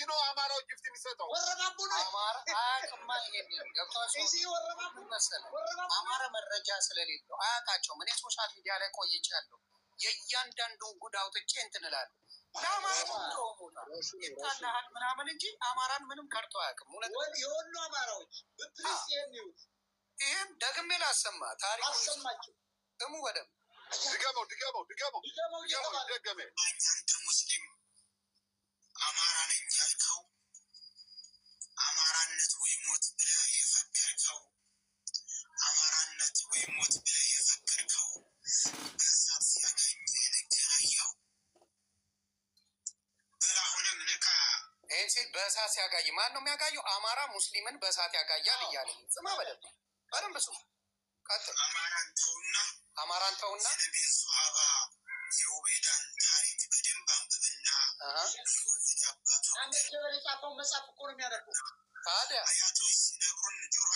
ለዚህ ነው አማራው ጊፍት የሚሰጠው። ወረባቦ ነው አማራ መረጃ ስለሌለው አያውቃቸውም። እኔ ሶሻል ሚዲያ ላይ ቆይቻለሁ። የእያንዳንዱን ጉድ አውጥቼ እንትን እላለሁ። ለአማራውታናል ምናምን እንጂ አማራን ምንም ከርቶ አያውቅም። የወሎ አማራዎች ይህም ደግሜ ላሰማ ታሪክ አሰማቸው። ስሙ በደምብ ድገመው፣ ድገመው፣ ድገመው፣ ድገመው። ደገሜ አንተ ሙስሊም አማራ ነኝ ያልከው አማራነት ወይ ሞት ብለህ የፈከርከው አማራነት ወይ ሞት ብለህ የፈከርከው ገንዘብ ሲያገኝ በላሁንም ንቃ። ይህን ሴት በእሳት ሲያጋይ ማን ነው የሚያጋየው? አማራ ሙስሊምን በእሳት ያጋያል እያለ ጽማ በደብ በደንብ ሱ አማራን ተውና አማራን ተውና ነቢ የውቤዳን ታሪክ በደንብ አንብብና የወለድ የጻፈው መጽሐፍ እኮ ነው የሚያደርጉ አያቶች ሲነግሩን ጆሮ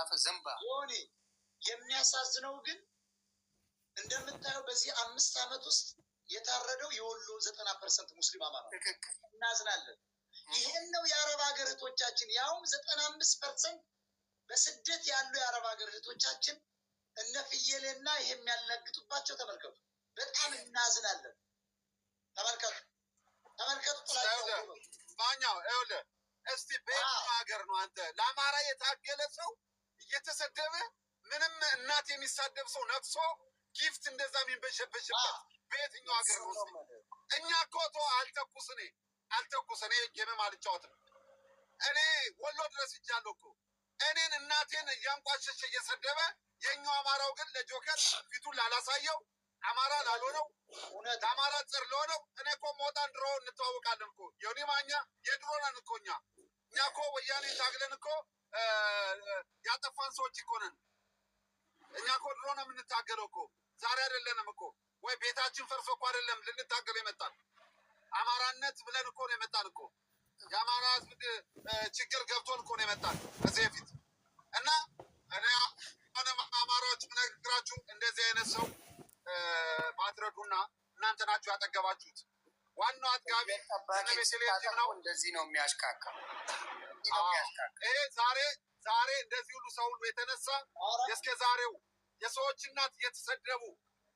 የተጻፈ ዘንባ ሆኔ የሚያሳዝነው ግን እንደምታየው በዚህ አምስት ዓመት ውስጥ የታረደው የወሎ ዘጠና ፐርሰንት ሙስሊም አማራ ትክክል፣ እናዝናለን። ይህን ነው የአረብ ሀገር እህቶቻችን ያውም ዘጠና አምስት ፐርሰንት በስደት ያሉ የአረብ ሀገር እህቶቻችን እነ ፍየሌ ፍየሌና ይሄ የሚያላግጡባቸው ተመልከቱ። በጣም እናዝናለን። ተመልከቱ፣ ተመልከቱ። ማኛው ይኸውልህ፣ እስቲ በየትኛው ሀገር ነው አንተ ለአማራ የታገለ ሰው እየተሰደበ ምንም እናት የሚሳደብ ሰው ነፍሶ ጊፍት እንደዛ የሚንበሸበሽበት በየትኛው ሀገር ነው? እኛ ኮቶ አልተኩስ እኔ አልተኩስ እኔ ጌምም አልጫወትም። እኔ ወሎ ድረስ ይጃለሁ እኮ እኔን እናቴን እያንቋሸሸ እየሰደበ የኛው አማራው ግን ለጆከር ፊቱን ላላሳየው አማራ ላልሆነው አማራ ጽር ለሆነው እኔ እኮ ሞጣን ድሮ እንተዋወቃለን እኮ የኒማኛ የድሮነን እኮ እኛ እኛ እኮ ወያኔ ታግለን እኮ ያጠፋን ሰዎች እኮ ነን። እኛ እኮ ድሮ ነው የምንታገለው እኮ ዛሬ አይደለንም እኮ ወይ ቤታችን ፈርሶ እኮ አይደለም ልንታገል የመጣን አማራነት ብለን እኮ ነው የመጣን እኮ የአማራ ሕዝብ ችግር ገብቶን እኮ ነው የመጣን ከዚህ በፊት እና እኔ ሆነ አማራዎች ምነግራችሁ እንደዚህ አይነት ሰው ባትረዱና እናንተ ናችሁ ያጠገባችሁት። ዋናው አጥጋቢ ነው። እንደዚህ ነው የሚያሽካከሉ እንደዚህ ነው የሚያሽካክር። ይሄ ዛሬ ዛሬ እንደዚህ ሁሉ ሰው ሁሉ የተነሳ እስከ ዛሬው የሰዎች እናት እየተሰደቡ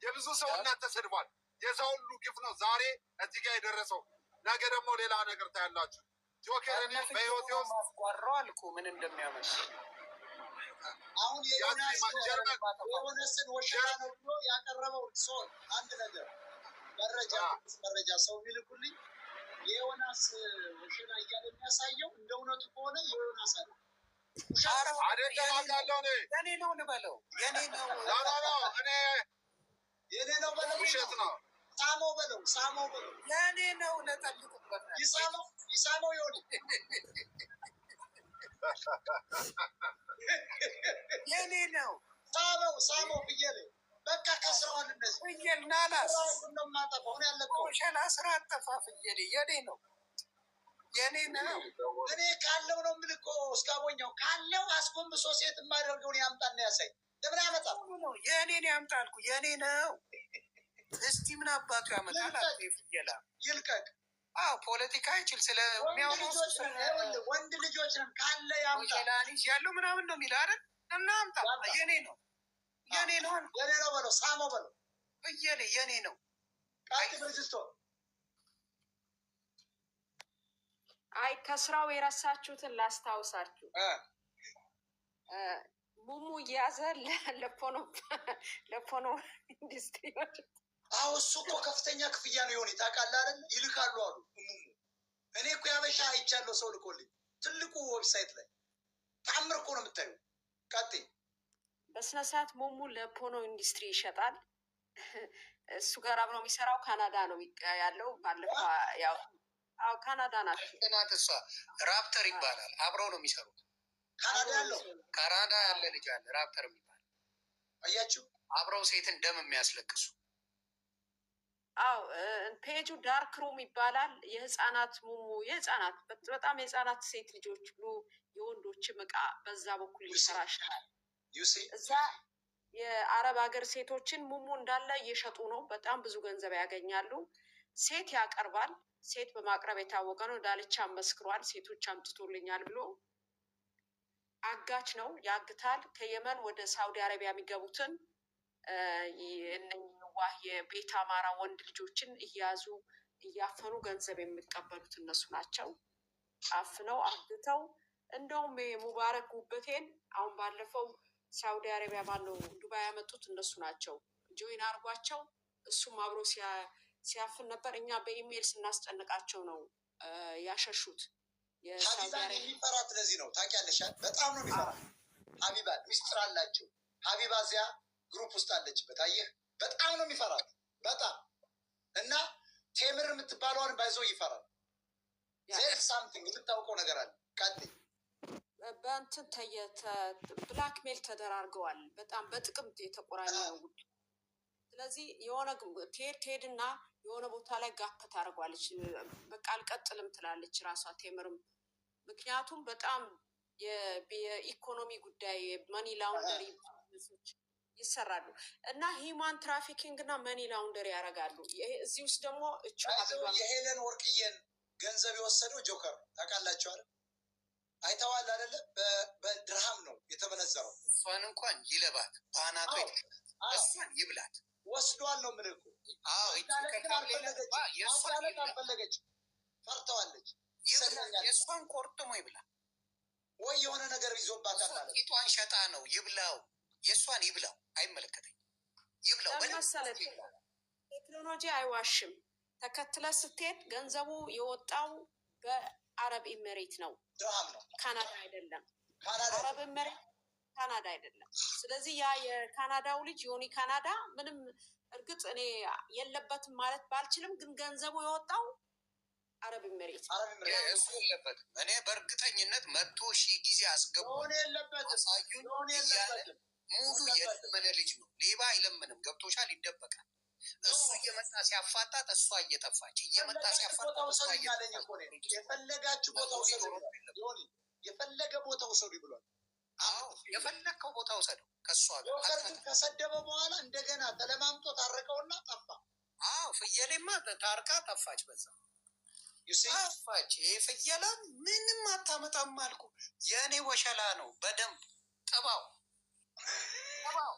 የብዙ ሰው እናት ተሰድቧል። የዛ ሁሉ ግፍ ነው ዛሬ እዚህ ጋር የደረሰው። ነገ ደግሞ ሌላ ነገር ታያላችሁ። ጆከር እኔ በህይወቴ ውስጥ ማስቋረው አልኩ ምን እንደሚያመሽ አሁን የሆነስን ወሸራ ነው ብሎ ያቀረበው ሰው አንድ ነገር መረጃ መረጃ ሰው ሚልኩልኝ የዮናስ ሽና እያለ የሚያሳየው እንደ እውነቱ ከሆነ የዮናስ አለ የኔ ነው እንበለው የኔ ነው ውሸት ነው ሳመው በለው ሳመው በለው የኔ ነው ለጠልቁበት ይሳመው ይሳመው ይሆን የኔ ነው ሳመው ሳመው ብዬ ነው በቃ ከስረዋል። ስራ አጠፋ ፍየል የኔ ነው የኔ ነው። እኔ ካለው ነው የምልህ እኮ እስካቦኛው ካለው አስጎምሶ ሴት የማደርገውን ያምጣና ያሳይ። ለምን ያመጣል? ነው። እስቲ ምን አባቱ ያመጣል? ፍየላ ይልቀቅ። አዎ ፖለቲካ አይችል ስለሚያወወንድ ካለ ያምጣል። ያለው ምናምን ነው የሚለው አይደል? እና አምጣ ነው የኔ ነው የኔ ነው በለው፣ ሳመው በለው፣ እየኔ የኔ ነው ቃል ብርጅስቶ አይ ከስራው የረሳችሁትን ላስታውሳችሁ። ሙሙ እያዘ ለፖኖ ለፖኖ ኢንዱስትሪዎች አዎ፣ እሱ እኮ ከፍተኛ ክፍያ ነው የሆነ ታውቃለህ አይደል? ይልካሉ አሉ ሙሙ። እኔ እኮ ያበሻ አይቻለሁ፣ ሰው ልኮልኝ። ትልቁ ዌብሳይት ላይ ታምር እኮ ነው የምታዩ። ቀጥይ በስነ ስርዓት ሞሙ ለፖኖ ኢንዱስትሪ ይሸጣል። እሱ ጋር አብሮ የሚሰራው ካናዳ ነው ያለው። ባለፈው ያው አዎ ካናዳ ናት እሷ። ራፕተር ይባላል። አብረው ነው የሚሰሩት። ካናዳ ያለው ካናዳ ያለ ልጅ አለ ራፕተር የሚባል አያችሁ። አብረው ሴትን ደም የሚያስለቅሱ አው ፔጁ ዳርክ ሩም ይባላል። የህፃናት ሙሙ የህፃናት በጣም የህፃናት ሴት ልጆች ብሎ የወንዶችም እቃ በዛ በኩል ይሰራሻል። እዛ የአረብ ሀገር ሴቶችን ሙሙ እንዳለ እየሸጡ ነው። በጣም ብዙ ገንዘብ ያገኛሉ። ሴት ያቀርባል። ሴት በማቅረብ የታወቀ ነው። ዳልቻ መስክሯል። ሴቶች አምጥቶልኛል ብሎ አጋች ነው፣ ያግታል። ከየመን ወደ ሳውዲ አረቢያ የሚገቡትን እነዋህ የቤት አማራ ወንድ ልጆችን እያያዙ እያፈኑ ገንዘብ የሚቀበሉት እነሱ ናቸው። አፍነው አግተው እንደውም ሙባረክ ጉበቴን አሁን ባለፈው ሳውዲ አረቢያ ባለው ዱባይ ያመጡት እነሱ ናቸው። ጆይን አርጓቸው እሱም አብሮ ሲያፍን ነበር። እኛ በኢሜይል ስናስጨንቃቸው ነው ያሸሹት። ሀቢባን የሚፈራት ለዚህ ነው ታውቂያለሽ። በጣም ነው የሚፈራት ሀቢባን። ሚስጥር አላቸው። ሀቢባ እዚያ ግሩፕ ውስጥ አለችበት። አየህ፣ በጣም ነው የሚፈራት በጣም እና ቴምር የምትባለዋን ባይዞ ይፈራል። ዜር ሳምቲንግ የምታውቀው ነገር አለ ቀጥይ በእንትን ብላክሜል ተደራርገዋል። በጣም በጥቅም የተቆራኘ ነው ስለዚህ የሆነ ትሄድ ትሄድና የሆነ ቦታ ላይ ጋፕ ታደርጓለች። በቃ አልቀጥልም ትላለች ራሷ ቴምርም። ምክንያቱም በጣም የኢኮኖሚ ጉዳይ መኒ ላውንደሪ ይሰራሉ እና ሂማን ትራፊኪንግ እና መኒ ላውንደሪ ያደርጋሉ። እዚህ ውስጥ ደግሞ የሄለን ወርቅዬን ገንዘብ የወሰደው ጆከር ታውቃላቸዋል አይተዋል አይደለ? በድርሃም ነው የተመነዘረው። እሷን እንኳን ይለባት በአናቷ እሷን ይብላት ወስዷል ነው ምልኩ። አልፈለገች፣ ፈርተዋለች። የእሷን ቆርጥሞ ይብላ ወይ የሆነ ነገር ይዞባታል ማለት ቂጧን ሸጣ ነው ይብላው። የእሷን ይብላው፣ አይመለከተኝ ይብላው። ቴክኖሎጂ አይዋሽም። ተከትለ ስትሄድ ገንዘቡ የወጣው አረብ ኢሜሬት ነው፣ ካናዳ አይደለም። አረብ ኢሜሬት ካናዳ አይደለም። ስለዚህ ያ የካናዳው ልጅ ዮኒ ካናዳ ምንም እርግጥ እኔ የለበትም ማለት ባልችልም፣ ግን ገንዘቡ የወጣው አረብ ኢሜሬት እሱ የለበትም። እኔ በእርግጠኝነት መቶ ሺህ ጊዜ አስገቡ ሳዩን እያለ ሙሉ የለመነ ልጅ ነው። ሌባ አይለምንም። ገብቶሻል? ይደበቃል እሱ እየመጣ ሲያፋጣት እሷ እየጠፋች እየመጣ ሲያፋጣት የፈለጋችሁ ቦታ ውሰዱ፣ የፈለገ ቦታ ውሰዱ ብሏል። የፈለግከው ቦታ ውሰደው። ከእሷ ከሰደበ በኋላ እንደገና ተለማምጦ ታረቀውና ጠፋ። አዎ ፍየሌማ ታርቃ ጠፋች። በዛ ጠፋች። ይሄ ፍየላ ምንም አታመጣም አልኩ። የእኔ ወሸላ ነው። በደንብ ጥባው ጥባው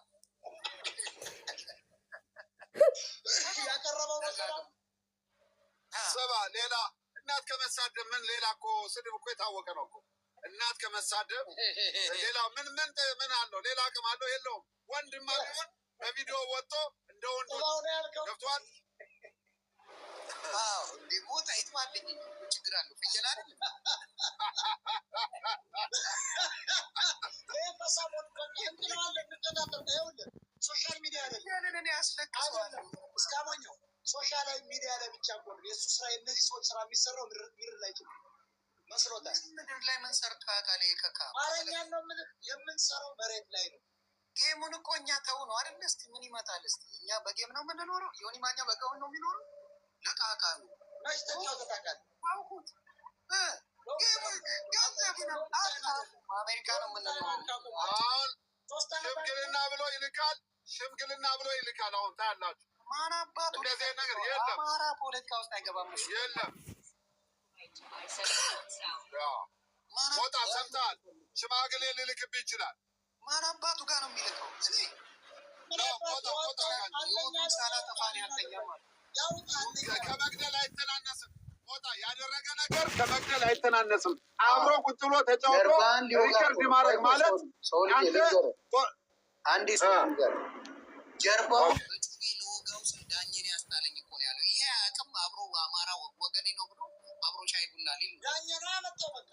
የቀረበው ነገር ስባ ሌላ እናት ከመሳደብ ምን ሌላ እኮ ስድብ እኮ የታወቀ ነው እኮ እናት ከመሳደብ ሌላ ምን ምን ምን አለው? ሌላ አቅም አለው የለውም? ወንድማ ቢሆን በቪዲዮ ወጥቶ እንደ ወንድ ገብቷል። ሞት አይጥማለኝ ችግር አለው ፍየል አይደለም ሶሻል ሚዲያ ሶሻላዊ ሚዲያ ላይ ብቻ እኮ ነው የእሱ ስራ። የእነዚህ ሰዎች ስራ የሚሰራው ምድር ላይ ጭምር መስሎታል። ምድር ላይ ምን ሰርቶ ያውቃል? ከካ ማረኛ ነው ምን የምንሰራው መሬት ላይ ነው። ጌሙን እኮ እኛ ተው ነው አይደል? እስቲ ምን ይመጣል? እስቲ እኛ በጌም ነው የምንኖረው። የሆኒ ማኛ በቀው ነው የሚኖሩ ለቃቃ ነው አሜሪካ ነው የምንኖረው። ሽምግልና ብሎ ይልካል። ሽምግልና ብሎ ይልካል። አሁን ታያላችሁ ማን አባቱ አማራ ፖለቲካ ውስጥ አይገባም። የለም ሞጣ ሰምተሃል? ሽማግሌ ሊልክብህ ይችላል። ማን አባቱ ጋር ነው የሚልከው? ከመግደል አይተናነስም። አብሮ ቁጭ ብሎ ጀርባው እና ዳኘ ነው ያመጣው። በቃ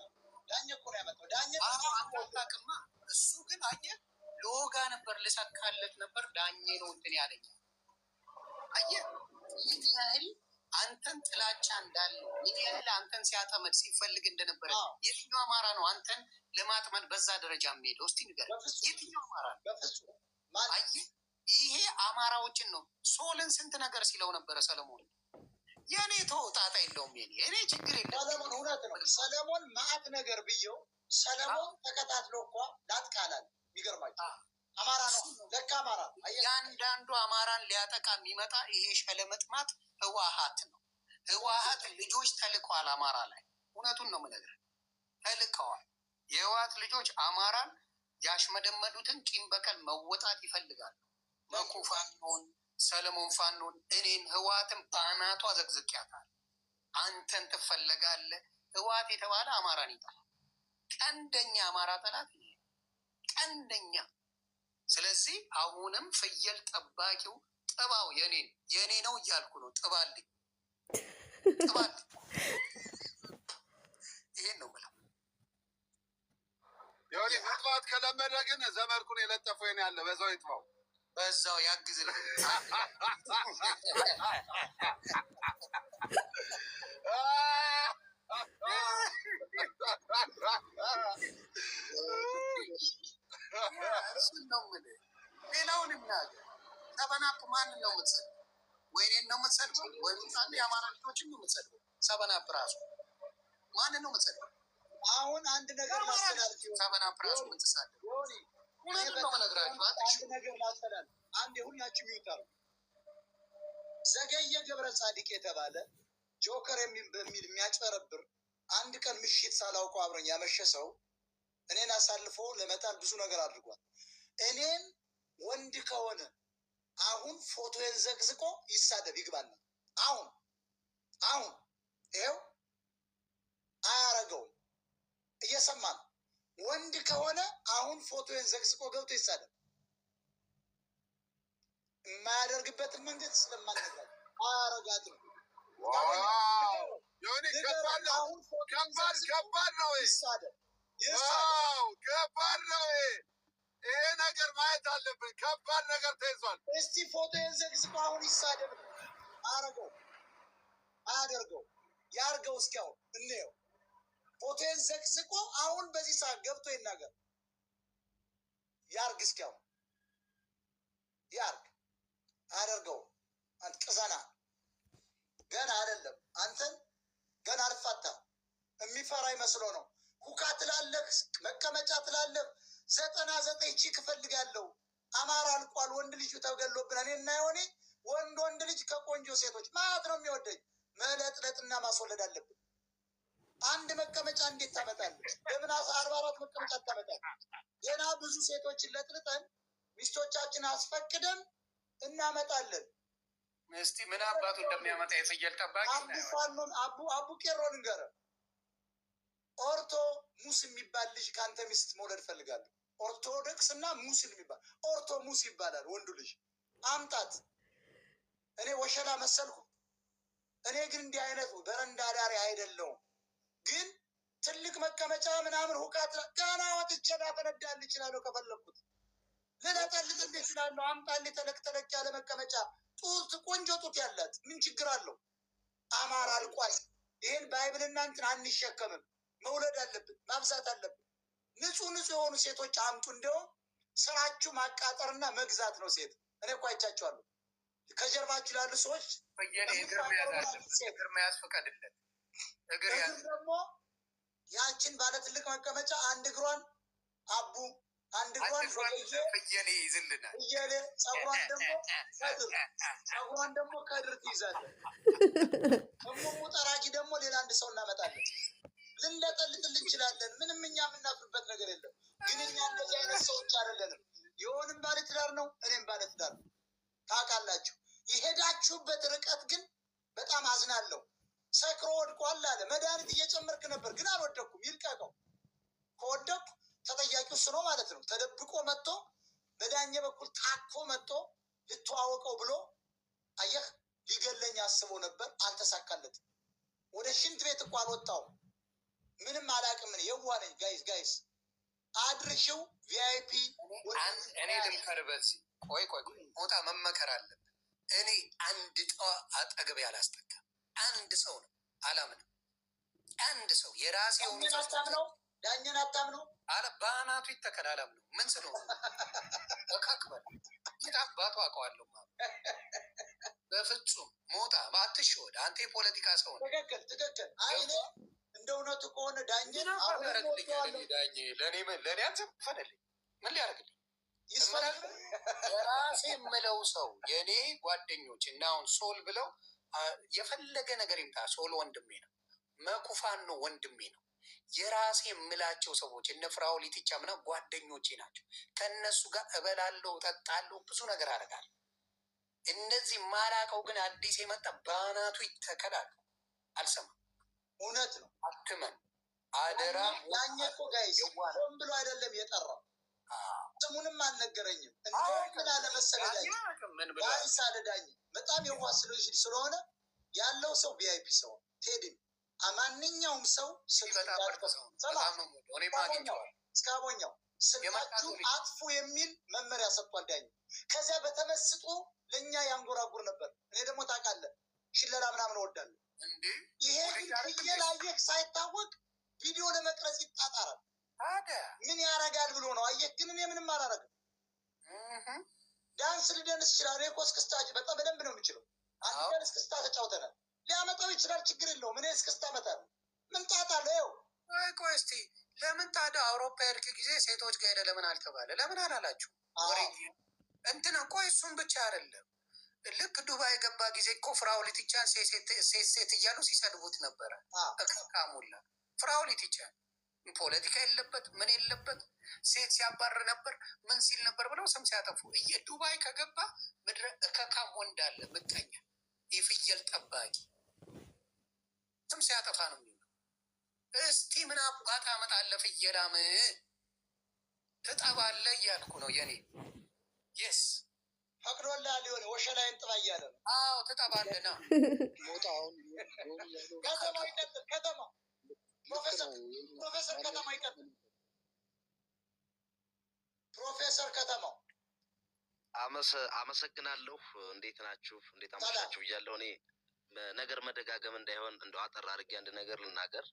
እኮ ነው ያመጣው። አታውቅማ። እሱ ግን ነበር ልሰካለት ነበር። ነው እንትን ያለኝ ምን ያህል አንተን ጥላቻ ምን ያህል አንተን ሲያጠመድ ሲፈልግ እንደነበረ የትኛው አማራ ነው አንተን ለማጥመድ በዛ ደረጃ የሚሄደው? እስቲ የትኛው አማራ ነው? ይሄ አማራዎችን ነው ሶልን ስንት ነገር ሲለው ነበረ ሰለሞን የእኔ ተው እንደውም የኔ እኔ ችግር የለም። ሰለሞን እውነት ነው። ሰለሞን ማአት ነገር ብየው ሰለሞን ተከታትሎ እኳ ላጥቃላል። የሚገርማቸው አማራ ነው ለካ አማራ። የአንዳንዱ አማራን ሊያጠቃ የሚመጣ ይሄ ሸለመጥማት ህዋሀት ነው። ህዋሀት ልጆች ተልከዋል አማራ ላይ። እውነቱን ነው ምነግር ተልከዋል። የህዋሀት ልጆች አማራን ያሽመደመዱትን ቂም በቀል መወጣት ይፈልጋሉ። መኩፋ ሆን ሰለሞን ፋኖን እኔን ህዋትም በአናቷ ዘቅዝቅያታል። አንተን ትፈለጋለህ። ህዋት የተባለ አማራን ይጠላል። ቀንደኛ አማራ ጠላት ቀንደኛ። ስለዚህ አሁንም ፍየል ጠባቂው ጥባው የኔን የኔ ነው እያልኩ ነው። ጥባልኝ ጥባልኝ። ይሄን ነው ብላ ምጥባት ከለመደ ግን ዘመድኩን የለጠፈው ኔ ያለ በዛው ይጥባው። በዛው ያግዝ ሌላውን ሰበናፕ ማንን ነው የምትሰድ? ነው ራሱ ማንን ነው አሁን አንድ ነገር ሰበናፕ ራሱ የምትሳደ አንድ የሁላችሁ ሚውታሩ ዘገየ ገብረ ጻድቅ የተባለ ጆከር በሚል የሚያጭበረብር አንድ ቀን ምሽት ሳላውቀው አብረኝ ያመሸ ሰው እኔን አሳልፎ ለመጣል ብዙ ነገር አድርጓል። እኔን ወንድ ከሆነ አሁን ፎቶዬን ዘግዝቆ ይሳደብ ይግባል። አሁን አሁን ይኸው አያረገውም፣ እየሰማ ነው። ወንድ ከሆነ አሁን ፎቶን ዘግዝቆ ገብቶ ይሳደብ። የማያደርግበትን መንገድ ስለማነጋል አረጋት ነው። ከባድ ነገር ማየት አለብን። ከባድ ነገር ተይዟል። እስቲ አሁን ይሳደብ። አረገው አያደርገው ያርገው። እስኪያው እንየው። ፎቶን ዘቅዝቆ አሁን በዚህ ሰዓት ገብቶ ይናገር ያርግ። እስኪያው ያርግ። አደርገው አንተ ቅዘና ገና አይደለም። አንተን ገና አልፋታ የሚፈራ ይመስሎ ነው። ሁካ ትላለህ፣ መቀመጫ ትላለህ። ዘጠና ዘጠኝ ቺክ እፈልጋለሁ። አማራ አልቋል። ወንድ ልጁ ተገሎብናል። እና የሆኔ ወንድ ወንድ ልጅ ከቆንጆ ሴቶች ማለት ነው የሚወደኝ መለጥለጥና ማስወለድ አለብን። አንድ መቀመጫ እንዴት ታመጣለህ? በምን አርባ አራት መቀመጫ ታመጣለህ? ገና ብዙ ሴቶችን ለጥልጠን ሚስቶቻችን አስፈቅደን እናመጣለን። እስቲ ምን አባቱ እንደሚያመጣ የፍየል ጠባቂ አቡ አቡ ቄሮ ንገረ ኦርቶ ሙስ የሚባል ልጅ ከአንተ ሚስት መውለድ ፈልጋለሁ። ኦርቶዶክስ እና ሙስ የሚባል ኦርቶ ሙስ ይባላል ወንዱ ልጅ አምጣት። እኔ ወሸላ መሰልኩ። እኔ ግን እንዲህ አይነት በረንዳ ዳሪ አይደለውም። ግን ትልቅ መቀመጫ ምናምን ሁቃት ጋና ወጥቼ ላፈነዳል እችላለሁ። ከፈለግኩት ልለጠልጥል እችላለሁ። አምጣል ተለቅ ተለቅ ያለ መቀመጫ ጡት ቆንጆ ጡት ያላት ምን ችግር አለው? አማራ አልቋል። ይህን ባይብልና እንትን አንሸከምም። መውለድ አለብን፣ ማብዛት አለብን። ንጹህ ንጹህ የሆኑ ሴቶች አምጡ። እንዲሁም ስራችሁ ማቃጠርና መግዛት ነው። ሴት እኔ እኮ አይቻቸዋለሁ። ከጀርባችሁ ላሉ ሰዎች እግር መያዝ እግር ደግሞ ያችን ባለ ትልቅ መቀመጫ አንድ እግሯን አቡ አንድ እግሯን ፍየሌ ይዝልናል። ፍየሌ ጸጉሯን ደግሞ ከድር ጸጉሯን ደግሞ ከድር ትይዛለን። እሙሙ ጠራጊ ደግሞ ሌላ አንድ ሰው እናመጣለን። ልንለጠልጥል እንችላለን። ምንም እኛ የምናፍርበት ነገር የለም። ግን እኛ እንደዚህ አይነት ሰዎች አይደለንም። የሆንም ባለ ትዳር ነው፣ እኔም ባለ ትዳር ነው። ታውቃላችሁ። የሄዳችሁበት ርቀት ግን በጣም አዝናለሁ። ሰክሮ ወድቋል አለ። መድኃኒት እየጨመርክ ነበር ግን አልወደኩም። ይልቀቀው። ከወደኩ ተጠያቂው እሱ ነው ማለት ነው። ተደብቆ መጥቶ በዳኘ በኩል ታኮ መጥቶ ልተዋወቀው ብሎ አየህ፣ ሊገለኝ አስቦ ነበር፣ አልተሳካለትም። ወደ ሽንት ቤት እኮ አልወጣው። ምንም አላቅም። ምን የዋለኝ ጋይስ ጋይስ አድርሽው ቪአይፒ እኔ ልምከር። በዚህ ቆይ ቆይ ቆይ ቦታ መመከር አለብን። እኔ አንድ ጠዋ አጠገብ ያላስጠጋም አንድ ሰው ነው። አላምንም። አንድ ሰው የራሴ የሆኑ ነው። ዳኛን አታምነው? በአናቱ ይተከል። አላምነው። ምን ስለሆነ በካክበል የት አባቱ አውቀዋለሁ። በፍጹም ሞጣ ወደ አንተ የፖለቲካ ሰው ነው። ትክክል፣ ትክክል። አይኔ እንደ እውነቱ ከሆነ ዳኛን አረግልኛል። ዳኝ ለእኔ አልዘፈነልኝ። ምን ሊያደርግልኝ ይስፈራል። የራሴ የምለው ሰው የእኔ ጓደኞች እና ሶል ብለው የፈለገ ነገር ይምጣ፣ ሶሎ ወንድሜ ነው። መኩፋን ነው ወንድሜ ነው። የራሴ የምላቸው ሰዎች እነ ፍራው ሊትቻ ምና ጓደኞቼ ናቸው። ከእነሱ ጋር እበላለሁ፣ ጠጣለሁ፣ ብዙ ነገር አደርጋለሁ። እነዚህ ማላቀው ግን አዲስ የመጣ በአናቱ ይተከላሉ። አልሰማም። እውነት ነው። አክመን አደራ። ሆን ብሎ አይደለም የጠራው ስሙንም አልነገረኝም። እንደምን አለመሰለዳኝ ሳለዳኝ በጣም የዋ ስለሽ ስለሆነ ያለው ሰው ቪአይፒ ሰው ቴዲም ማንኛውም ሰው እስካቦኛው ስልካችሁ አጥፉ የሚል መመሪያ ሰጥቷል ዳኝ። ከዚያ በተመስጦ ለእኛ ያንጎራጉር ነበር። እኔ ደግሞ ታውቃለህ ሽለላ ምናምን እወዳለሁ። ይሄ ብዬ እየላየህ ሳይታወቅ ቪዲዮ ለመቅረጽ ይጣጣራል። ምን ያረጋል ብሎ ነው? አየህ፣ ግን እኔ ምንም አላረግም። ዳንስ ልደንስ ይችላል። እኔ እኮ እስክስታ በጣም በደንብ ነው የምችለው። አንድ ቀን እስክስታ ተጫውተናል። ሊያመጣው ይችላል፣ ችግር የለውም። እኔ እስክስታ እመጣለሁ። ምን ጣጣ አለው? ይኸው ቆይ እስኪ ለምን ታዲያ አውሮፓ የሄድክ ጊዜ ሴቶች ጋር ሄደህ ለምን አልተባለ? ለምን አላላችሁ? እንትን ቆይ፣ እሱም ብቻ አይደለም። ልክ ዱባይ የገባ ጊዜ እኮ ፍራውሊትቻን ሴት ሴት እያሉ ሲሰድቡት ነበረ። ካሙላ ፍራውሊትቻን ፖለቲካ የለበት ምን የለበት። ሴት ሲያባር ነበር ምን ሲል ነበር ብለው ስም ሲያጠፉ እየ ዱባይ ከገባ ምድረ እከካም ወንድ አለ ምቀኛ የፍየል ጠባቂ ስም ሲያጠፋ ነው የሚለው እስቲ ምን አባት አመጣለ ፍየላም ትጠባለ እያልኩ ነው የኔ የስ ፈቅዶላ ሊሆነ ወሸላይን ጥባ እያለ ነው። አዎ ትጠባለና ሞጣሁን ከተማ ፕሮፌሰር ከተማ ይቀጥል። ፕሮፌሰር ከተማው አመሰግናለሁ። እንዴት ናችሁ? እንዴት አመሻችሁ ብያለሁ። እኔ ነገር መደጋገም እንዳይሆን እንደ አጠር አድርጌ አንድ ነገር ልናገር።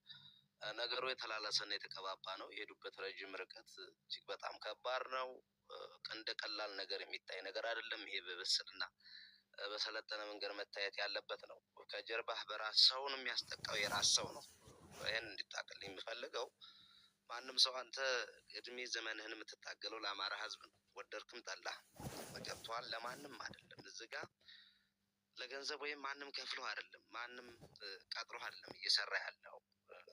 ነገሩ የተላለሰና የተቀባባ ነው። የሄዱበት ረዥም ርቀት እጅግ በጣም ከባድ ነው። እንደ ቀላል ነገር የሚታይ ነገር አይደለም። ይሄ በብስልና በሰለጠነ መንገድ መታየት ያለበት ነው። ከጀርባህ በራስ ሰውን የሚያስጠቃው የራስ ሰው ነው። ይህን እንዲታቀል የምፈልገው ማንም ሰው አንተ እድሜ ዘመንህን የምትታገለው ለአማራ ህዝብ ነው። ወደድክም ጠላ ገብተዋል። ለማንም አይደለም እዚህ ጋ ለገንዘብ ወይም ማንም ከፍሎ አይደለም፣ ማንም ቀጥሮ አይደለም እየሰራ ያለው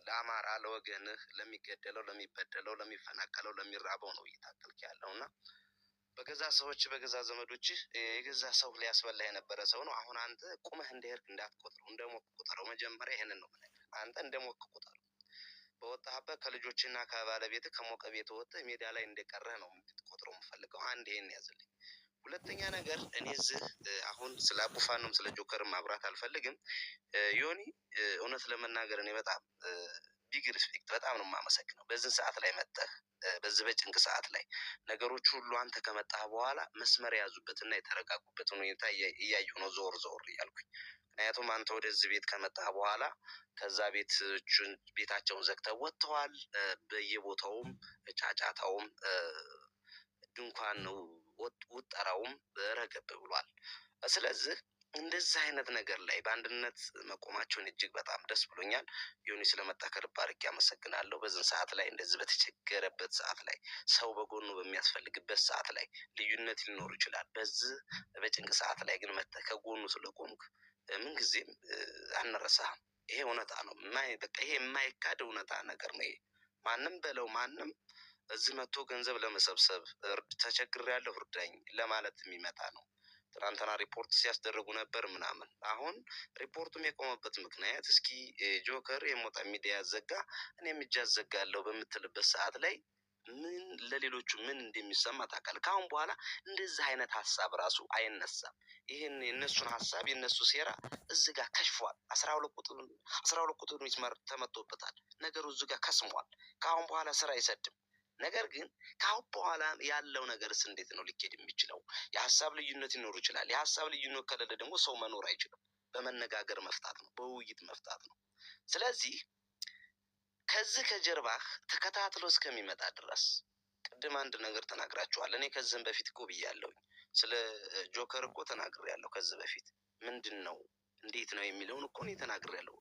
ለአማራ ለወገንህ፣ ለሚገደለው፣ ለሚበደለው፣ ለሚፈናቀለው፣ ለሚራበው ነው እየታገልክ ያለው እና በገዛ ሰዎች በገዛ ዘመዶች የገዛ ሰው ሊያስበላ የነበረ ሰው ነው። አሁን አንተ ቁመህ እንደሄድክ እንዳትቆጥረው እንደሞት ቁጠረው። መጀመሪያ ይህንን ነው ምንል አንተ እንደሞክቁታል በወጣህበት ከልጆችና ከባለቤት ከሞቀ ቤት ወጥተህ ሜዳ ላይ እንደቀረህ ነው እንድትቆጥረው የምፈልገው። አንድ ይሄን ያዝልኝ። ሁለተኛ ነገር እኔ እዚህ አሁን ስለ አቡፋንም ስለ ጆከር ማብራት አልፈልግም። ዮኒ እውነት ለመናገር እኔ በጣም ቢግ ሪስፔክት በጣም ነው የማመሰግነው። በዚህ ሰዓት ላይ መጠህ በዚህ በጭንቅ ሰዓት ላይ ነገሮች ሁሉ አንተ ከመጣህ በኋላ መስመር የያዙበትና የተረጋጉበትን ሁኔታ እያየሁ ነው ዞር ዞር እያልኩኝ ምክንያቱም አንተ ወደዚህ ቤት ከመጣህ በኋላ ከዛ ቤታቸውን ዘግተው ወጥተዋል። በየቦታውም ጫጫታውም ድንኳን ውጠራውም ረገብ ብሏል። ስለዚህ እንደዚህ አይነት ነገር ላይ በአንድነት መቆማቸውን እጅግ በጣም ደስ ብሎኛል። ዮኒ ስለመጣ ከልብ አድርጌ አመሰግናለሁ። ሰዓት ላይ እንደዚህ በተቸገረበት ሰዓት ላይ ሰው በጎኑ በሚያስፈልግበት ሰዓት ላይ ልዩነት ሊኖር ይችላል። በዚህ በጭንቅ ሰዓት ላይ ግን መጥተህ ከጎኑ ስለቆምክ ምንጊዜም አንረሳህም። ይሄ እውነታ ነው። በቃ ይሄ የማይካድ እውነታ ነገር ነው። ይሄ ማንም በለው ማንም እዚህ መጥቶ ገንዘብ ለመሰብሰብ ተቸግር ያለው እርዳኝ ለማለት የሚመጣ ነው። ትናንትና ሪፖርት ሲያስደርጉ ነበር ምናምን። አሁን ሪፖርቱም የቆመበት ምክንያት እስኪ ጆከር የሞጣ ሚዲያ ያዘጋ እኔም እጅ አዘጋለሁ በምትልበት ሰዓት ላይ ምን ለሌሎቹ ምን እንደሚሰማ ታውቃለህ። ከአሁን በኋላ እንደዚህ አይነት ሀሳብ ራሱ አይነሳም። ይህን የእነሱን ሀሳብ የእነሱ ሴራ እዚህ ጋር ከሽፏል። አስራ ሁለት ቁጥር አስራ ሁለት ቁጥር ሚስመር ተመቶበታል። ነገሩ እዚህ ጋር ከስሟል። ከአሁን በኋላ ስራ አይሰድም። ነገር ግን ከአሁን በኋላ ያለው ነገርስ እንዴት ነው ሊኬድ የሚችለው? የሀሳብ ልዩነት ሊኖሩ ይችላል። የሀሳብ ልዩነት ከሌለ ደግሞ ሰው መኖር አይችልም። በመነጋገር መፍታት ነው፣ በውይይት መፍታት ነው። ስለዚህ ከዚህ ከጀርባህ ተከታትሎ እስከሚመጣ ድረስ ቅድም አንድ ነገር ተናግራችኋል። እኔ ከዚህም በፊት እኮ ብያለሁኝ። ስለ ጆከር እኮ ተናግሬያለሁ። ከዚህ በፊት ምንድን ነው እንዴት ነው የሚለውን እኮ እኔ ተናግሬያለሁ።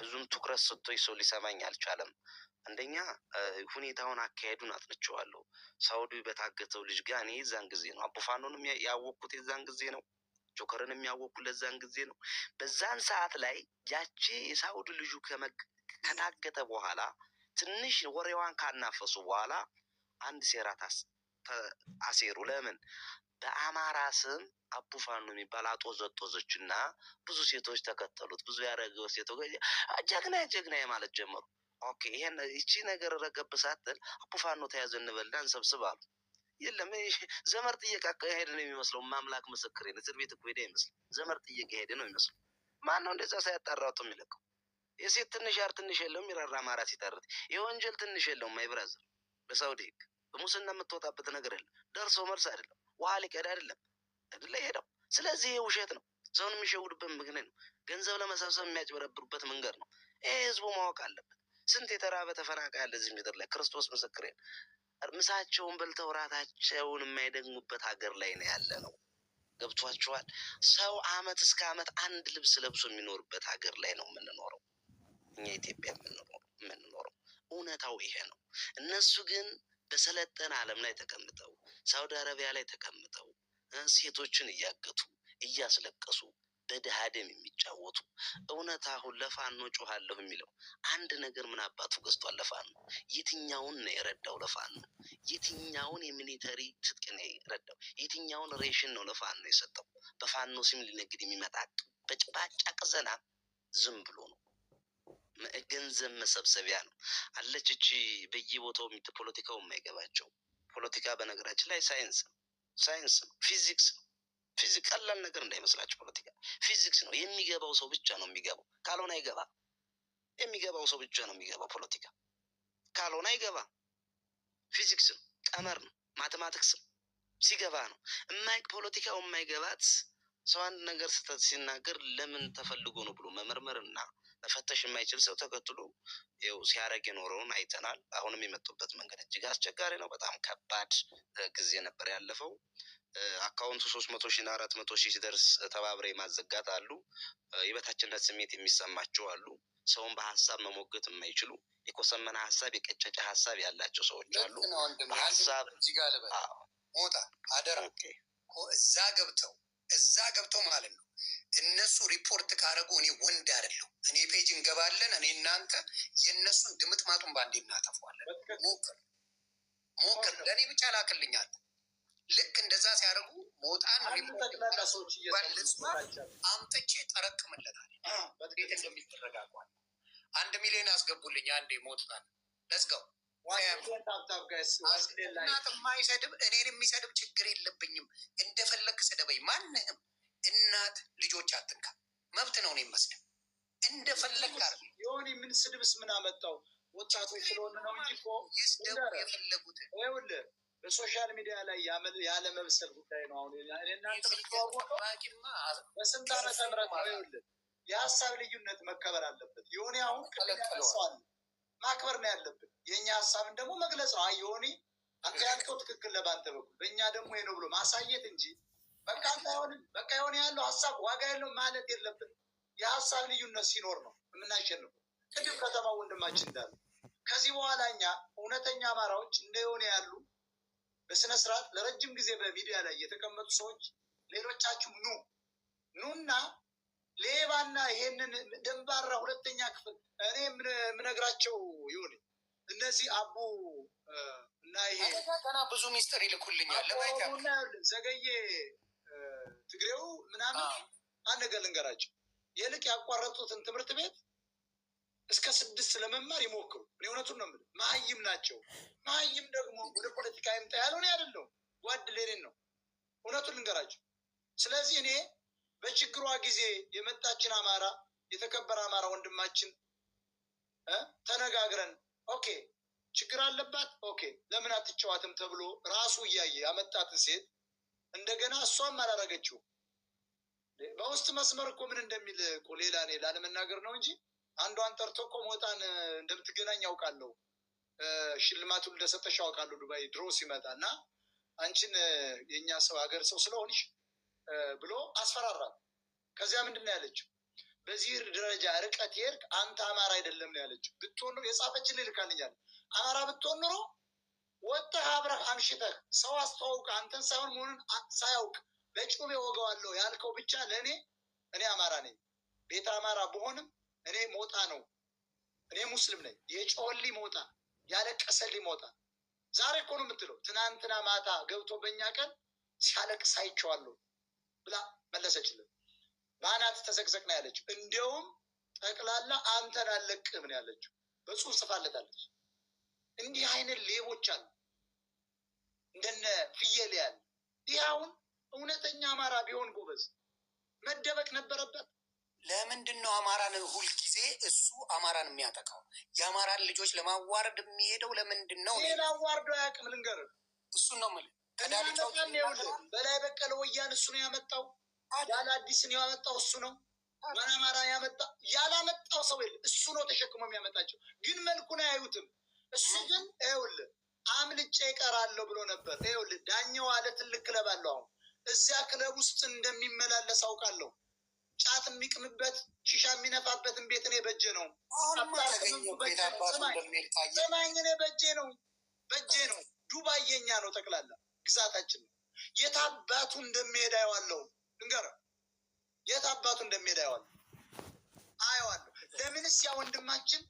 ብዙም ትኩረት ሰጥቶኝ ሰው ሊሰማኝ አልቻለም። አንደኛ ሁኔታውን አካሄዱን አጥንቼዋለሁ። ሳውዲ በታገተው ልጅ ጋር እኔ የዛን ጊዜ ነው አቡፋኖንም ያወቅኩት የዛን ጊዜ ነው። ጆከርን የሚያወቅኩት ለዛን ጊዜ ነው። በዛን ሰዓት ላይ ያቺ የሳውዲ ልጁ ከታገተ በኋላ ትንሽ ወሬዋን ካናፈሱ በኋላ አንድ ሴራ አሴሩ። ለምን በአማራ ስም አቡፋኑ የሚባል አጦ አጦዘጦዘች እና ብዙ ሴቶች ተከተሉት። ብዙ ያደረገው ሴቶ ጀግና ጀግና ማለት ጀመሩ። ኦኬ ይሄን እቺ ነገር ረገብ ሳትል አቡፋኖ ተያዘ እንበልና እንሰብስብ አሉ። የለም ዘመር ጥየቃ ሄደ ነው የሚመስለው። ማምላክ ምስክር እስር ቤት እኮ ሄደ አይመስልም። ዘመር ጥየቃ ሄደ ነው የሚመስለው። ማን ነው እንደዛ ሳያጣራቱ የሚለቀው? የሴት ትንሽ ያር ትንሽ የለውም ይራራ አማራ ሲጠርት የወንጀል ትንሽ የለውም ማይብራዘር በሳውዲ ህግ በሙስና የምትወጣበት ነገር የለም። ደርሶ መርስ አይደለም፣ ውሃ ሊቀዳ አይደለም አይደለ ሄደው። ስለዚህ ይሄ ውሸት ነው፣ ሰውን የሚሸውድበት ምክንያት ነው፣ ገንዘብ ለመሰብሰብ የሚያጭበረብሩበት መንገድ ነው። ይሄ ህዝቡ ማወቅ አለበት። ስንት የተራበ ተፈናቃይ አለ እዚህ ምድር ላይ ክርስቶስ ምስክር ምሳቸውን በልተው ራታቸውን የማይደግሙበት ሀገር ላይ ነው ያለ ነው። ገብቷችኋል? ሰው አመት እስከ አመት አንድ ልብስ ለብሶ የሚኖርበት ሀገር ላይ ነው የምንኖረው እኛ ኢትዮጵያ የምንኖረው። እውነታው ይሄ ነው። እነሱ ግን በሰለጠነ ዓለም ላይ ተቀምጠው ሳውዲ አረቢያ ላይ ተቀምጠው ሴቶችን እያገቱ እያስለቀሱ በድሃ ደም የሚጫወቱ እውነት አሁን ለፋኖ ጮኋለሁ የሚለው አንድ ነገር ምን አባቱ ገዝቷል? ለፋኖ የትኛውን ነው የረዳው? ለፋኖ የትኛውን የሚኒተሪ ትጥቅ ነው የረዳው? የትኛውን ሬሽን ነው ለፋኖ የሰጠው? በፋኖ ሲም ሊነግድ የሚመጣ በጭባጫ ቅዘና ዝም ብሎ ነው። ገንዘብ መሰብሰቢያ ነው አለች። እቺ በየቦታው ፖለቲካው የማይገባቸው ፖለቲካ በነገራችን ላይ ሳይንስ ነው፣ ሳይንስ ነው፣ ፊዚክስ ነው። ፊዚክ ቀላል ነገር እንዳይመስላችሁ። ፖለቲካ ፊዚክስ ነው። የሚገባው ሰው ብቻ ነው የሚገባው፣ ካልሆነ አይገባ። የሚገባው ሰው ብቻ ነው የሚገባው። ፖለቲካ ካልሆነ አይገባ። ፊዚክስ ነው፣ ቀመር ነው፣ ማቴማቲክስ ነው። ሲገባ ነው እማይቅ ፖለቲካው የማይገባት ሰው አንድ ነገር ስህተት ሲናገር ለምን ተፈልጎ ነው ብሎ መመርመርና መፈተሽ የማይችል ሰው ተከትሎ ው ሲያደርግ የኖረውን አይተናል። አሁንም የመጡበት መንገድ እጅግ አስቸጋሪ ነው። በጣም ከባድ ጊዜ ነበር ያለፈው። አካውንቱ ሶስት መቶ ሺና አራት መቶ ሺ ሲደርስ ተባብረ ማዘጋት አሉ። የበታችነት ስሜት የሚሰማቸው አሉ። ሰውን በሀሳብ መሞገት የማይችሉ የኮሰመነ ሀሳብ፣ የቀጨጨ ሀሳብ ያላቸው ሰዎች አሉ። በሀሳብ ሞጣ አደራ እዛ ገብተው እዛ ገብተው ማለት ነው እነሱ ሪፖርት ካረጉ እኔ ወንድ አይደለሁ። እኔ ፔጅ እንገባለን። እኔ እናንተ የእነሱን ድምጥ ማጡን በአንዴ እናጠፏለን። ሞክር ሞክር፣ ለእኔ ብቻ ላክልኛል። ልክ እንደዛ ሲያደርጉ ሞጣን አምጥቼ ጠረቅምለታል። አንድ ሚሊዮን አስገቡልኝ። አንዴ ሞጣን ለዝጋው እናት የማይሰድብ እኔን የሚሰድብ ችግር የለብኝም። እንደፈለግ ስደበኝ ማንህም እናት ልጆች አትንካ፣ መብት ነው። እኔ መስደብ እንደፈለግ የሆን የምን ስድብስ ምን አመጣው? ወጣቶች ስለሆነ ነው እንጂ እኮ ይስደቡ ይኸውልህ በሶሻል ሚዲያ ላይ ያለ መብሰል ጉዳይ ነው። አሁን በስንት ዓመተ ምህረት ነው የሀሳብ ልዩነት መከበር አለበት። የሆኔ አሁን ቅለዋል ማክበር ነው ያለብን። የእኛ ሀሳብን ደግሞ መግለጽ ነው። የሆኔ አንተ ያልከው ትክክል ለባንተ በኩል በእኛ ደግሞ ይሄ ነው ብሎ ማሳየት እንጂ በቃ አይሆንም፣ በቃ የሆነ ያለው ሀሳብ ዋጋ የለው ማለት የለብን። የሀሳብ ልዩነት ሲኖር ነው የምናሸንፈው። ቅድም ከተማ ወንድማችን እንዳለ ከዚህ በኋላ እኛ እውነተኛ አማራዎች እንደ የሆነ ያሉ በስነ ስርዓት ለረጅም ጊዜ በሚዲያ ላይ የተቀመጡ ሰዎች ሌሎቻችሁ ኑ ኑና ሌባና ይሄንን ደንባራ ሁለተኛ ክፍል እኔ የምነግራቸው ይሁን እነዚህ አቡ እና ይሄ ብዙ ሚስጥር ይልኩልኛል። ዘገዬ ትግሬው ምናምን አንድ ነገር ልንገራቸው፣ የልቅ ያቋረጡትን ትምህርት ቤት እስከ ስድስት ለመማር ይሞክሩ። እኔ እውነቱን ነው የምልህ፣ መሀይም ናቸው። መሀይም ደግሞ ወደ ፖለቲካ ይምጣ ያለው እኔ አይደለሁም፣ ጓድ ሌኔን ነው። እውነቱን ልንገራቸው። ስለዚህ እኔ በችግሯ ጊዜ የመጣችን አማራ የተከበረ አማራ ወንድማችን ተነጋግረን ኦኬ ችግር አለባት ኦኬ ለምን አትቸዋትም ተብሎ ራሱ እያየ ያመጣትን ሴት እንደገና እሷም አላረገችው። በውስጥ መስመር እኮ ምን እንደሚል እኮ ሌላ እኔ ላለመናገር ነው እንጂ አንዷን ጠርቶ እኮ ሞጣን እንደምትገናኝ ያውቃለሁ። ሽልማቱን እንደሰጠሽ ያውቃለሁ። ዱባይ ድሮ ሲመጣ እና አንቺን የእኛ ሰው ሀገር ሰው ስለሆንሽ ብሎ አስፈራራል። ከዚያ ምንድን ነው ያለችው? በዚህ ደረጃ ርቀት የሄድክ አንተ አማራ አይደለም ነው ያለችው። ብትሆን የጻፈችን ልልካልኛል። አማራ ብትሆን ኑሮ ወጥተህ አብረህ አንሽተህ ሰው አስተዋውቅ አንተን ሳይሆን መሆኑን ሳያውቅ በጩቤ ወገዋለሁ ያልከው ብቻ ለእኔ እኔ አማራ ነኝ ቤተ አማራ በሆንም እኔ ሞጣ ነው እኔ ሙስሊም ነኝ። የጮኸሊ ሞጣ ያለቀሰሊ ሞጣ ዛሬ እኮ ነው የምትለው። ትናንትና ማታ ገብቶ በእኛ ቀን ሲያለቅስ አይቼዋለሁ ብላ መለሰችልን። በአናት ተዘቅዘቅ ነው ያለችው። እንዲያውም ጠቅላላ አንተን አለቅም ነው ያለችው። በጽሁፍ ጽፋለታለች። እንዲህ አይነት ሌቦች አሉ፣ እንደነ ፍየል ያለ። ይህ አሁን እውነተኛ አማራ ቢሆን ጎበዝ መደበቅ ነበረበት። ለምንድን ነው አማራን ሁልጊዜ እሱ አማራን የሚያጠቃው? የአማራን ልጆች ለማዋረድ የሚሄደው ለምንድን ነው? ሌላ አዋርዶ አያውቅም። ልንገር፣ እሱ ነው ምል በላይ በቀለ ወያን እሱ ነው ያመጣው። ያለ አዲስን ያመጣው እሱ ነው ማን አማራ ያመጣ? ያላመጣው ሰው የለ። እሱ ነው ተሸክሞ የሚያመጣቸው፣ ግን መልኩን አያዩትም። እሱ ግን ይኸውልህ አምልጬ ይቀራለሁ ብሎ ነበር። ይኸውልህ ዳኛው አለ ትልቅ ክለብ አለው። አሁን እዚያ ክለብ ውስጥ እንደሚመላለስ አውቃለሁ። ጫት የሚቅምበት ሺሻ የሚነፋበትን ቤት እኔ በጄ ነው። ሰማኝ፣ እኔ በጄ ነው በጄ ነው። ዱባይ የኛ ነው፣ ጠቅላላ ግዛታችን ነው። የት አባቱ እንደሚሄድ አየዋለሁ። ልንገርህ፣ የት አባቱ እንደሚሄድ አየዋለሁ፣ አየዋለሁ። ለምንስ ያ ወንድማችን